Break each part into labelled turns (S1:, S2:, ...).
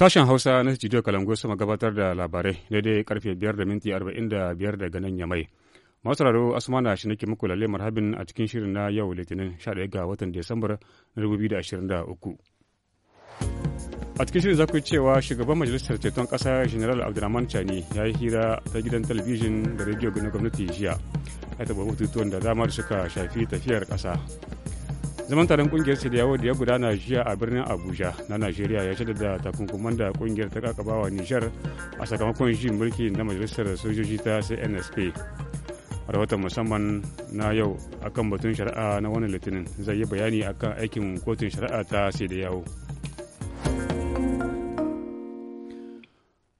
S1: Sashen Hausa na Studio Kalango sama gabatar da labarai daidai karfe biyar da minti arba'in da biyar daga nan Yamai. Masararo Asmana shi nake muku lalle marhabin a cikin shirin na yau Litinin 11 ga watan Desambar na 2023. A cikin shirin za ku cewa shugaban majalisar ceton ƙasa General Abdulrahman Chani ya yi hira ta gidan talabijin da rediyo na gwamnati jiya. Ya taɓa batutuwan da zamar suka shafi tafiyar ƙasa. zaman taron kungiyar su da ya gudana jiya a birnin abuja na najeriya ya shaida da takunkuman da kungiyar ta kakabawa nijar a sakamakon jin mulki na majalisar sojoji ta cnsp rahoton musamman na yau akan batun shari'a na wannan litinin zai yi bayani akan aikin kotun shari'a ta sai da yawo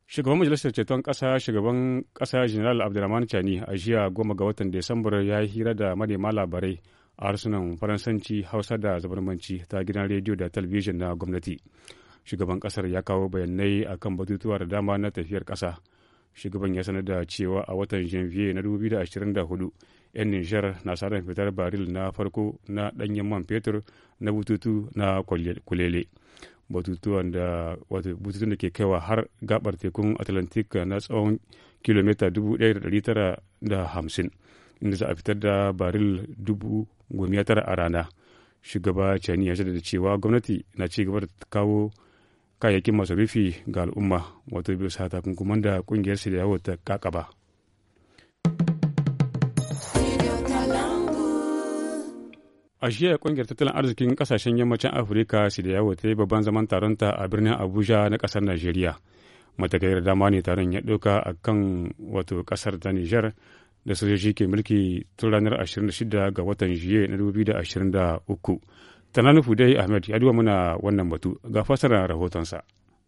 S1: shugaban majalisar ceton ƙasa shugaban ƙasa general abdulrahman chani a jiya goma ga watan desambar ya yi hira da manema labarai a harsunan faransanci hausa da zabarmanci ta gidan rediyo da talabijin na gwamnati shugaban kasar ya kawo bayanai a kan batutuwa da dama na tafiyar kasa shugaban ya sanar da cewa a watan janvier na 2024 'yan nijar na sa fitar baril na farko na danyen man fetur na bututu na kulele batutuwan bututun da ke kaiwa har gabar tekun atlantic na tsawon kilomita 1950 inda za a fitar da baril dubu gomiya tara a rana shugaba chani ya da cewa gwamnati na ci gaba da kawo kayayyakin rufi ga al'umma wato sa takunkuman da kungiyar su da yawo ta kakaba. A shiya kungiyar tattalin arzikin kasashen yammacin Afirka su da yawo ta yi babban zaman taron ta a birnin Abuja na kasar nigeria matakai da dama ne taron ya ɗauka a kan wato kasar ta Nijar da sojoji ke mulki tun ranar 26 ga watan juye na 2023 tana nufu dai ahmed ya duba muna wannan batu ga fasarar rahotonsa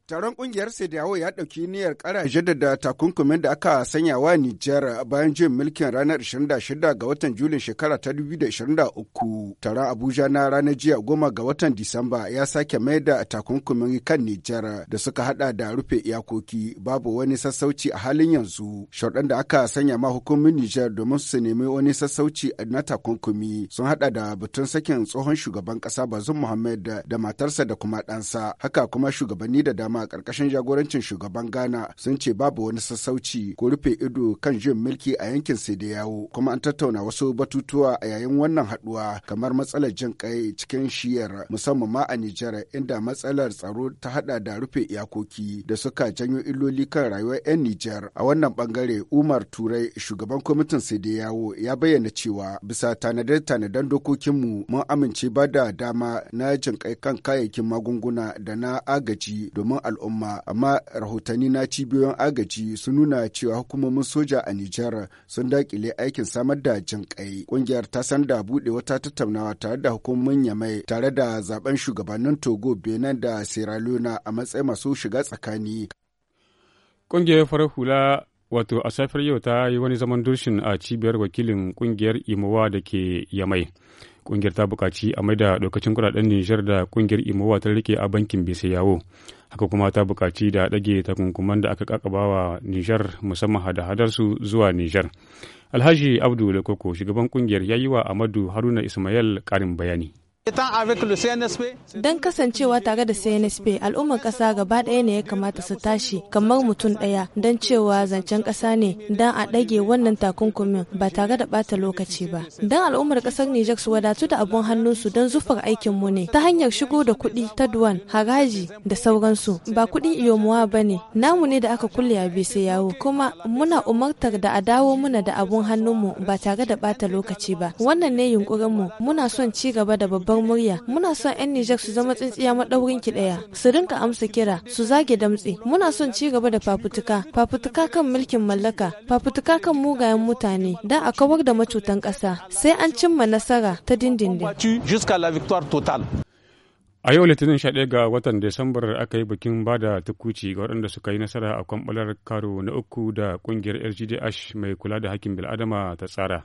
S2: Taron kungiyar sadiyawo ya ɗauki niyyar ƙara jaddada takunkumin da aka sanya wa Nijar bayan jin mulkin ranar 26 ga watan Julin shekara ta 2023. Taron Abuja na ranar jiya goma ga watan Disamba ya sake mai da takunkumin kan Nijar da suka hada da rufe iyakoki babu wani sassauci a halin yanzu. Sharɗan da aka sanya ma hukumin Nijar domin su nemi wani sassauci na takunkumi sun hada da batun sakin tsohon shugaban ƙasa Bazum Muhammad da matarsa da kuma ɗansa. Haka kuma shugabanni da dama a ƙarƙashin jagorancin shugaban Ghana sun ce babu wani sassauci ko rufe ido kan jin mulki a yankin sai da yawo kuma an tattauna wasu batutuwa a yayin wannan haɗuwa kamar matsalar jin kai cikin shiyar musamman ma a Nijar inda matsalar tsaro ta haɗa da rufe iyakoki da suka janyo illoli kan rayuwar 'yan Nijar. A wannan bangare Umar Turai shugaban kwamitin sai da yawo ya bayyana cewa bisa tanade-tanaden dokokinmu mun amince ba da dama na jin kai kan kayayyakin magunguna da na agaji domin al'umma amma rahotanni na cibiyoyin agaji sun nuna cewa hukumomin soja a Nijar sun dakile aikin samar da jin kai. Kungiyar ta da bude wata tattaunawa tare da hukumomin Yamai tare da zaben shugabannin Togo, Benin da Sierra Leone a matsayin masu shiga tsakani.
S1: Kungiyar farar hula wato a safiyar yau ta yi wani zaman dushin a cibiyar wakilin kungiyar Imowa da ke Yamai. Ƙungiyar ta bukaci a maida ɗaukacin kudaden Nijar da ƙungiyar Imowa ta rike a bankin yawo Haka kuma ta bukaci da ɗage takunkuman da aka ƙaƙabawa Nijar musamman hada-hadarsu zuwa Nijar. Alhaji Abdu shugaban ƙungiyar ya yi wa Amadu Haruna Ismail ƙarin bayani.
S3: Don kasancewa tare da CNSP al'ummar ƙasa gaba ɗaya ne ya kamata su tashi kamar mutum ɗaya don cewa zancen ƙasa ne don a ɗage wannan takunkumin ba tare da ɓata lokaci ba. Don al'ummar ƙasar Nijar su wadatu da abun hannunsu don zufar aikin mu ne ta hanyar shigo da kuɗi ta duwan, haraji da sauransu. Ba kuɗi iyomuwa ba ne, namu ne da aka kulle a bisa yawo. Kuma muna umartar da a dawo muna da abun hannunmu ba tare da ɓata lokaci ba. Wannan ne yunƙurinmu muna son ci gaba da babban babban murya muna son 'yan Nijar su zama tsintsiya maɗaurin ki ɗaya su rinka amsa kira su zage damtse muna son ci gaba da fafutuka fafutuka kan mulkin mallaka fafutuka kan mugayen mutane da a kawar da macutan ƙasa sai an cimma nasara ta dindindin.
S1: A yau Litinin 11 ga watan Desambar aka yi bikin ba da tukuci ga waɗanda suka yi nasara a kwamɓalar karo na uku da ƙungiyar LGDH mai kula da hakkin bil'adama ta tsara.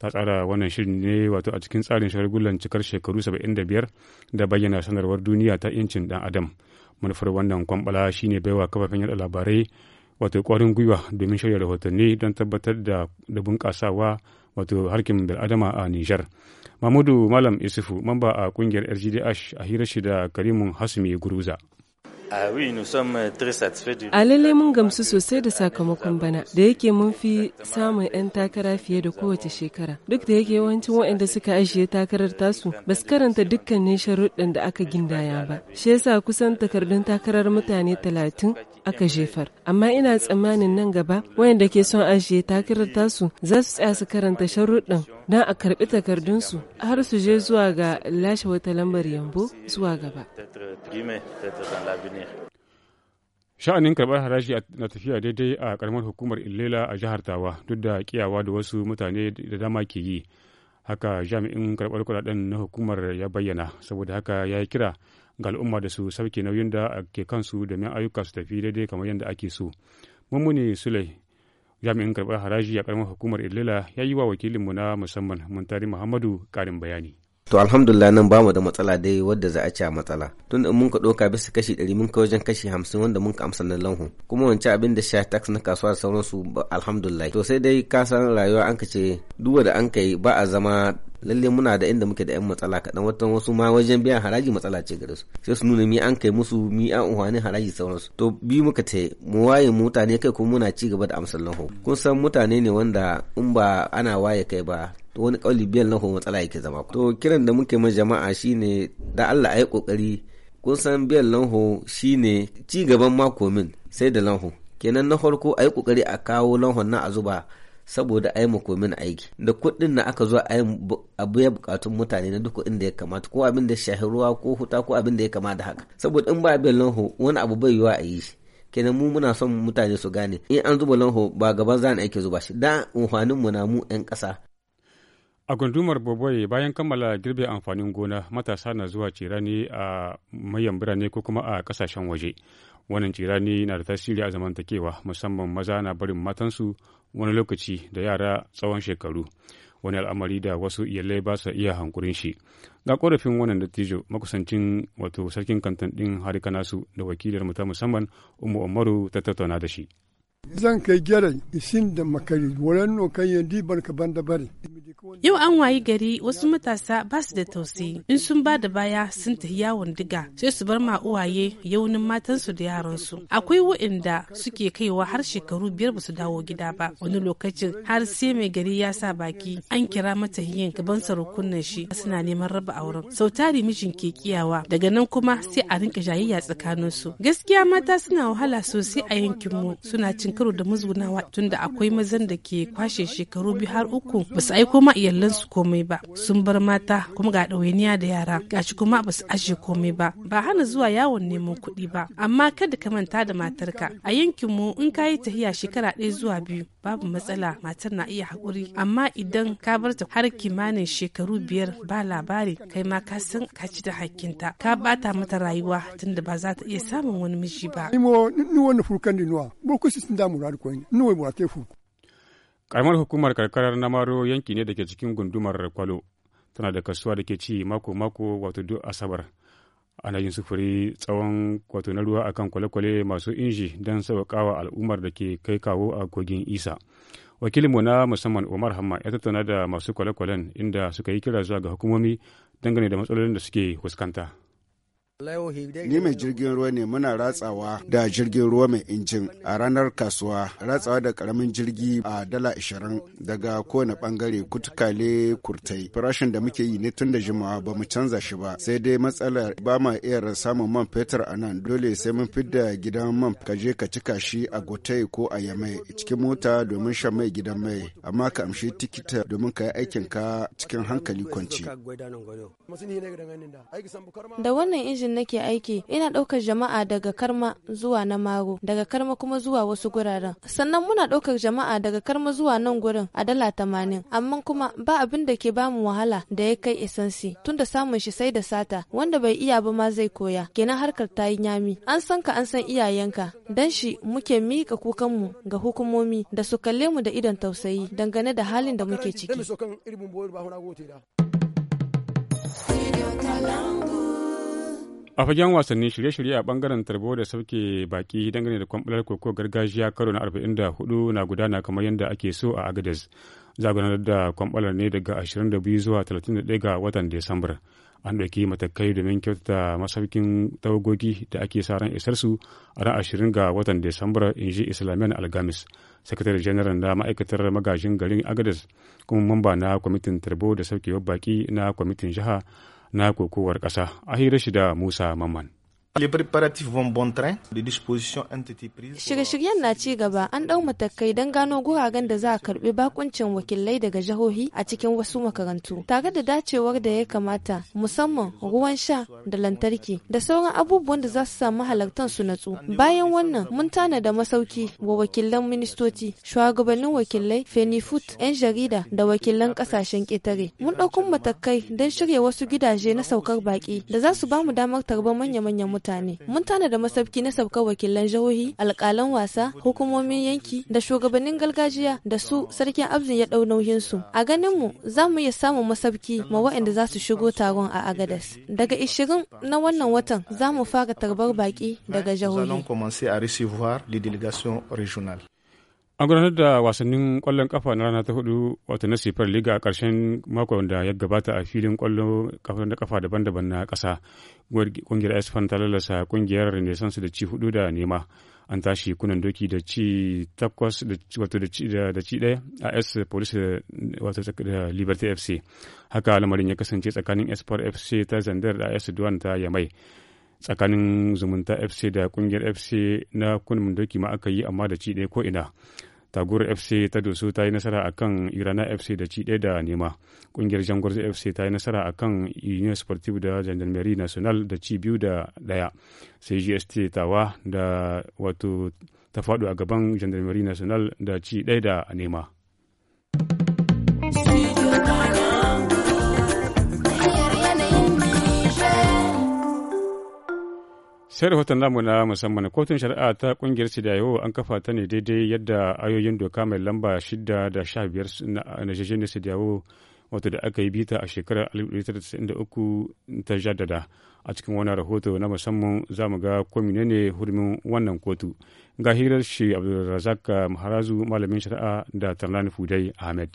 S1: ta tsara wannan shirin ne wato a cikin tsarin shagulgulan cikar shekaru 75 da bayyana sanarwar duniya ta incin dan adam manufar wannan kwambala shine baiwa kafafen yada labarai wato kwarin gwiwa domin shirya rahotanni don tabbatar da da bunƙasawa wato harkin bil'adama a nijar mamudu malam isufu mamba a kungiyar rgdh a hirar shi da karimun hasumi guruza
S4: Ah euh,
S5: A lallai mun gamsu sosai da sakamakon bana, da yake mun fi samun 'yan takara fiye da kowace shekara. Duk da yake yawancin waɗanda suka ajiye takarar tasu ba su karanta dukkanin sharuɗin da aka gindaya ba. Shi yasa kusan takardun takarar mutane talatin aka jefar. Amma ina tsammanin nan gaba wayanda ke son ajiye takarar tasu za su tsaya su karanta sharuɗin don a karbi takardunsu har su je zuwa ga lashe wata lambar yambo zuwa gaba.
S1: Euh, sha'anin karbar haraji na tafiya daidai a karamar hukumar illela a jihar tawa duk da kiyawa da wasu mutane da dama ke yi haka jami'in karbar kudaden na hukumar ya bayyana saboda haka ya yi kira ga al'umma da su sauke nauyin da ke kansu domin ayyuka su tafi daidai kamar yadda ake so mummuni sulai jami'in karɓar haraji a ƙaramin hukumar ilila ya yi wa mu na musamman muntari muhammadu ƙarin bayani
S4: to alhamdulillah nan bamu da matsala dai wadda za a ci a matsala
S1: tun in mun ka ɗauka bisa kashi ɗari mun wajen kashi
S4: hamsin wanda mun ka amsa na lanhu kuma wance abin da sha tax na kasuwa da sauransu alhamdulillah to sai dai ka san rayuwa an ka ce duk wanda an ka yi ba a zama lalle muna da inda muke da yan matsala kaɗan wata wasu ma wajen biyan haraji matsala ce gare su sai su nuna mi an kai musu mi an uhani haraji sauransu to bi muka te mu waye mutane kai kuma muna ci gaba da amsar lanho kun san mutane ne wanda in ba ana waye kai ba to wani kauli biyan lanho matsala yake zama to kiran da muke ma jama'a shine da Allah ayi kokari kun san biyan lanho shine ci gaban makomin sai da lanho kenan na farko ayi kokari a kawo lanhon na a zuba saboda a yi makomin aiki da kuɗin na aka zo yi abu ya bukatun mutane na duk inda ya kamata ko abin da shahi ruwa ko huta ko abin da ya kamata da haka saboda in ba abin lanho wani abu bai yiwa a yi kenan mu muna son mutane su gane in an zuba lanho ba gaban za ni aiki zuba shi da amfanin mu na mu yan kasa.
S1: a gundumar boboye bayan kammala girbe amfanin gona matasa na zuwa cirani a mayan birane ko kuma a kasashen waje wannan cirani na da tasiri a zamantakewa musamman maza na barin matansu wani lokaci da yara tsawon shekaru wani al'amari da wasu iyalai ba su iya hankurin shi ga korafin wannan dattijo makusancin wato sarkin kantan din harika nasu da wakilar mu ta musamman umu umaru ta tattauna da shi
S2: zan kai gyara isin da makari wurin kan barka bari
S5: Yau an wayi gari wasu matasa ba su da tausayi in sun ba da baya sun tafi yawon diga sai su bar ma uwaye yaunin matansu da yaran su. Akwai wa'inda suke kaiwa har shekaru biyar ba su dawo gida ba wani lokacin har sai mai gari ya sa baki an kira mata yin gaban sarakunan shi suna neman raba auren. sautari mijin ke kiyawa daga nan kuma sai a rinka jayayya su. Gaskiya mata suna wahala sosai a yankinmu suna cin shekaru karo da musgunawa tunda akwai mazan da ke kwashe shekaru biyu har uku ba su aiko ma iyalansu komai ba sun bar mata kuma ga ɗawainiya da yara gashi kuma ba su ashe komai ba ba hana zuwa yawon neman kuɗi ba amma kada ka manta da matarka a yankin mu in ka yi tahiya shekara ɗaya zuwa biyu babu matsala matar na iya haƙuri amma idan ka bar ta har kimanin shekaru biyar ba labari kai ma ka san ka ci da hakkinta ka bata mata rayuwa tunda ba za ta iya samun wani miji ba.
S2: boko system da murar ko ni wai te
S1: karamar hukumar karkarar namaro yanki ne da ke cikin gundumar kwalo tana da kasuwa da ke ci mako mako wato duk asabar ana yin sufuri tsawon wato na ruwa akan kwale-kwale masu inji don sauƙawa al'ummar da ke kai kawo a kogin isa wakilinmu na musamman umar hamma ya tattauna da masu kwale-kwalen inda suka yi kira zuwa ga hukumomi dangane da matsalolin da suke fuskanta.
S2: Ni mai jirgin ruwa ne muna ratsawa
S1: da jirgin ruwa
S2: mai injin a ranar kasuwa ratsawa da karamin jirgi a dala 20 daga kowane bangare kutukale kurtai. Farashin da muke yi ne tun da jimawa ba mu canza shi ba sai dai matsalar ba ma iya samun man fetur a nan dole sai mun fidda gidan man ka je ka cika shi a gotai ko a yamai cikin mota domin shan mai gidan mai amma ka amshi tikita domin ka yi aikin cikin hankali kwanci.
S3: Da wannan injin lokacin nake aiki ina ɗaukar jama'a daga karma zuwa na maro daga karma kuma zuwa wasu guraren sannan muna ɗaukar jama'a daga karma zuwa nan gurin a dala tamanin amma kuma ba abin da ke bamu wahala da ya kai isansi tunda samun shi sai da sata wanda bai iya ba ma zai koya kenan harkar ta yi nyami an san ka an san iyayenka dan shi muke miƙa kukanmu ga hukumomi da su kalle mu da idon tausayi dangane da halin
S1: da muke ciki. a fagen wasanni shirye-shirye a bangaren tarbo da sauke baki dangane da kwamfular koko gargajiya karo na 44 na gudana kamar yadda ake so a agadez zagunar da kwamfular ne daga 22 zuwa 31 ga watan desambar an ɗauki matakai domin kyautata masaukin tawagogi da ake sa ran isar su a ran ashirin ga watan desambar in ji islamiyan algamis sakatare jeneral na ma'aikatar magajin garin agadez kuma mamba na kwamitin tarbo da saukewar baki na kwamitin jiha na kokowar ƙasa a hira shi da Musa Mamman.
S3: Shirye-shiryen na ci gaba an ɗau matakai don gano guraren da za a karɓi bakuncin wakilai daga jihohi a cikin wasu makarantu tare da dacewar da ya kamata musamman ruwan sha da lantarki da sauran abubuwan da za su samu halartan su natsu. Bayan wannan mun tanada masauki wa wakilan ministoci, shugabannin wakilai, fenifut, 'yan jarida da wakilan ƙasashen ƙetare. Mun ɗaukun matakai don shirya wasu gidaje na saukar baƙi da za su ba mu damar tarbar manya-manyan mutane. Mun tana da masabki na sabkar wakilan jihohi, alƙalan wasa, hukumomin yanki da shugabannin gargajiya da su sarkin abzin ya ɗau nauyinsu. A ganinmu mu za mu iya samun masabki ma waɗanda za su shigo taron a Agadas. Daga ishirin na wannan watan za mu fara tarbar baƙi daga jihohi.
S1: An gudanar da wasannin kwallon kafa na rana ta hudu wato na Super League a ƙarshen makon da ya gabata a filin kwallon kafa da kafa daban-daban na kasa Kungiyar Espan ta lalasa kungiyar Renaissance da ci hudu da nema. An tashi kunan doki da ci takwas wato da ci daya a S Police wato da Liberty FC. Haka lamarin ya kasance tsakanin Espar FC ta Zandar da S Duwan ta Yamai. tsakanin zumunta fc da kungiyar fc na kunan doki ma aka yi amma da ci daya ko ina tagur fc ta dosu ta yi nasara akan irana fc da ci ɗaya da nema ƙungiyar jangwar fc ta yi nasara akan union sportive da gendarmerie national da ci biyu da ɗaya sai gst tawa da wato ta faɗo a gaban gendarmerie national da ci ɗaya da nema sai rahoton namu na musamman kotun shari'a ta kungiyar sidiyayo an kafa ta ne daidai yadda ayoyin doka mai lamba shida da sha na shashen sidiyayo wato da aka yi bita a shekarar 1993 ta jaddada a cikin wani rahoto na musamman za mu ga komine ne hurumin wannan kotu ga hirar shi abdulrazak maharazu malamin shari'a da tarlani fudai ahmed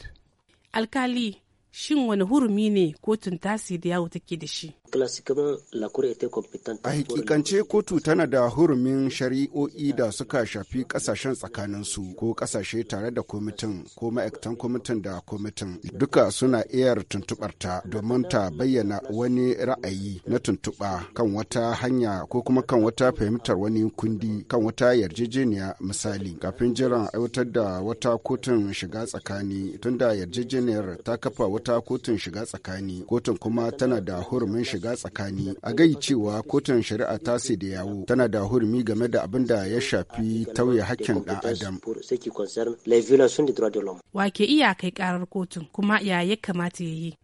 S5: alkali shin wani hurumi ne kotun tasiri yawo take da shi
S4: A hakikance
S2: kotu tana da hurumin shari'o'i da suka shafi kasashen tsakaninsu ko kasashe tare da kwamitin ko ma'aikatan kwamitin da kwamitin duka suna iya tuntuɓarta domin ta bayyana wani ra'ayi na tuntuɓa kan wata hanya ko kuma kan wata fahimtar wani kundi kan wata yarjejeniya misali kafin jiran aiwatar da wata kotun shiga tsakani tunda yarjejeniyar ta kafa wata kotun shiga tsakani kotun kuma tana da hurumin shiga shiga tsakani a gai cewa kotun shari'a ta sai da yawo tana da hurumi game da abin da ya shafi tauye hakkin ɗan adam
S5: wa ke iya kai karar kotun kuma ya ya kamata ya yi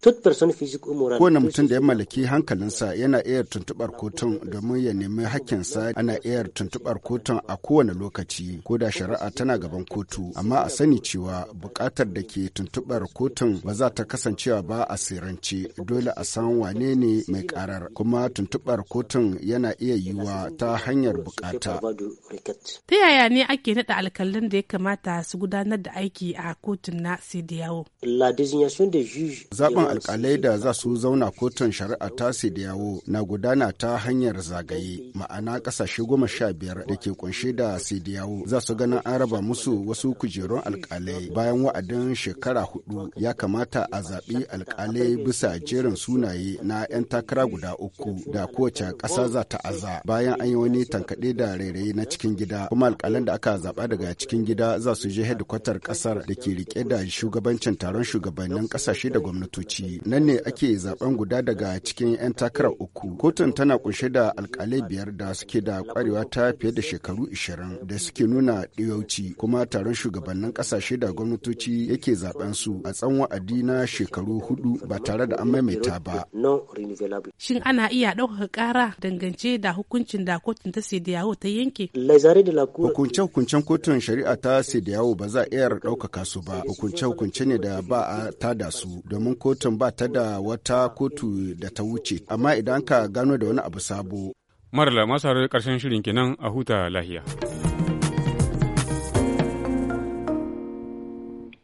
S4: kowane mutum
S2: da ya mallaki hankalinsa yana iya tuntubar kotun domin ya nemi hakkinsa ana iya tuntubar kotun a kowane lokaci ko da shari'a tana gaban kotu amma a sani cewa bukatar da ke tuntubar kotun ba za ta kasancewa ba a sirance dole a san wane ne mai karar kuma tuntubar kotun yana iya yiwa ta hanyar bukata.
S4: Ta
S5: yaya ne ake naɗa alkalin da ya kamata su gudanar da aiki a kotun na Sidiyawo?
S4: Zaben alkalai
S2: da za su zauna kotun shari'a ta Sidiyawo na gudana ta hanyar zagaye ma'ana ƙasashe goma sha biyar da ke kunshe da Sidiyawo za su ganin an raba musu wasu kujerun alkalai bayan wa'adin shekara hudu ya kamata a zaɓi alkalai bisa jerin sunaye na 'yan shekara guda uku da kowace ƙasa za ta aza bayan an yi wani tankaɗe da rairayi na cikin gida kuma alƙalan da aka zaɓa daga cikin gida za su je hedikwatar ƙasar da ke rike da shugabancin taron shugabannin ƙasashe da gwamnatoci nan ne ake zaɓen guda daga cikin 'yan takarar uku kotun tana kunshe da alƙalai biyar da suke da ƙwarewa ta fiye da shekaru ishirin da suke nuna ɗiyauci kuma taron shugabannin ƙasashe da gwamnatoci yake zaɓen su a tsawon wa'adi na shekaru hudu ba tare da an maimaita ba.
S4: abu.
S5: Shin ana iya ɗaukaka ƙara dangance da hukuncin da kotun ta Sediyawo ta yanke?
S2: Hukunce-hukuncen kotun shari'a ta Sediyawo ba za a iya ɗaukaka su ba. Hukunce-hukunce ne da ba a tada su domin kotun ba ta da wata kotu da ta wuce. Amma idan ka gano da wani abu sabo.
S1: Marla masu karshen shirin kenan a huta lahiya.